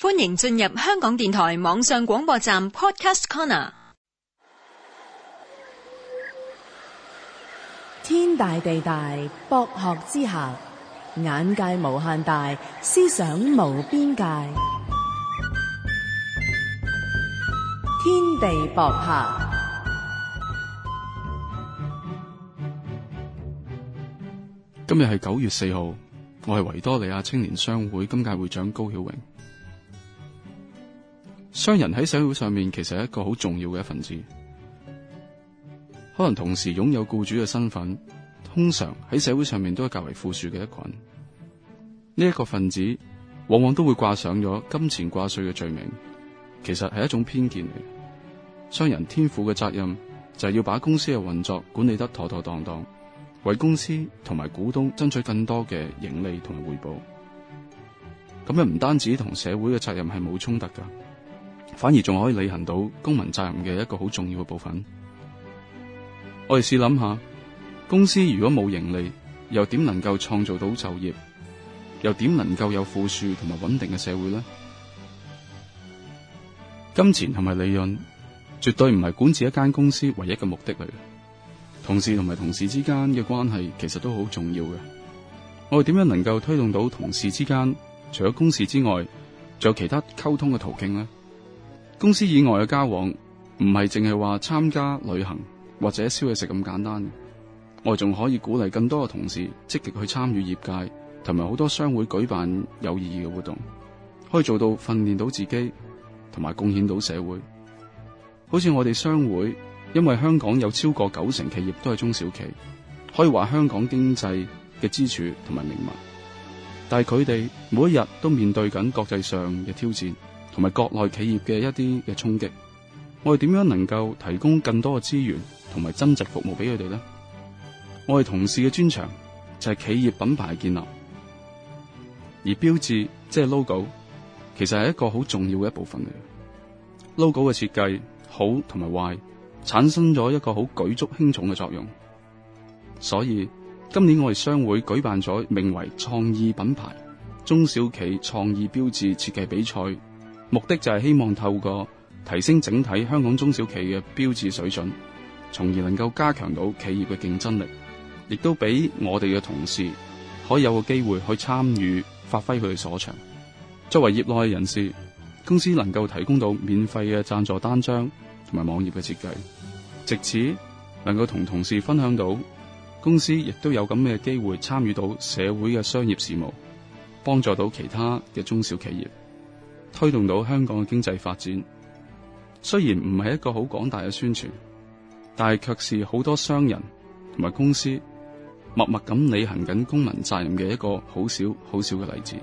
歡迎進入香港電台網上廣播站 Podcast Corner。天大地大，博學之下；眼界無限大，思想無邊界。天地博客。今日係九月四號，我係維多利亞青年商會今屆會長高曉榮。商人喺社會上面其實係一個好重要嘅一份子，可能同時擁有僱主嘅身份，通常喺社會上面都係較為富庶嘅一群。呢一個份子往往都會掛上咗金錢掛帥嘅罪名，其實係一種偏見嚟。商人天賦嘅責任就係要把公司嘅運作管理得妥妥當當，為公司同埋股東爭取更多嘅盈利同埋回報。咁又唔單止同社會嘅責任係冇衝突噶。反而仲可以履行到公民責任嘅一個好重要嘅部分。我哋試諗下，公司如果冇盈利，又點能夠創造到就業？又點能夠有富庶同埋穩定嘅社會咧？金錢同埋利潤絕對唔係管治一間公司唯一嘅目的嚟嘅。同事同埋同事之間嘅關係其實都好重要嘅。我哋點樣能夠推動到同事之間？除咗公事之外，仲有其他溝通嘅途徑咧？公司以外嘅交往唔係淨係話參加旅行或者燒嘢食咁簡單嘅，我仲可以鼓勵更多嘅同事積極去參與業界，同埋好多商會舉辦有意義嘅活動，可以做到訓練到自己，同埋貢獻到社會。好似我哋商會，因為香港有超過九成企業都係中小企，可以話香港經濟嘅支柱同埋命脈，但係佢哋每一日都面對緊國際上嘅挑戰。同埋國內企業嘅一啲嘅衝擊，我哋點樣能夠提供更多嘅資源同埋增值服務俾佢哋呢？我哋同事嘅專長就係企業品牌建立，而標誌即係、就是、logo，其實係一個好重要嘅一部分嚟。logo 嘅設計好同埋壞，產生咗一個好舉足輕重嘅作用。所以今年我哋商會舉辦咗名為創意品牌中小企創意標誌設計比賽。目的就係希望透過提升整體香港中小企業嘅標誌水準，從而能夠加強到企業嘅競爭力，亦都俾我哋嘅同事可以有個機會去參與、發揮佢嘅所長。作為業內嘅人士，公司能夠提供到免費嘅贊助單張同埋網頁嘅設計，借此能夠同同事分享到公司亦都有咁嘅機會參與到社會嘅商業事務，幫助到其他嘅中小企業。推動到香港嘅經濟發展，雖然唔係一個好廣大嘅宣傳，但係卻是好多商人同埋公司默默咁履行緊公民責任嘅一個好少好少嘅例子。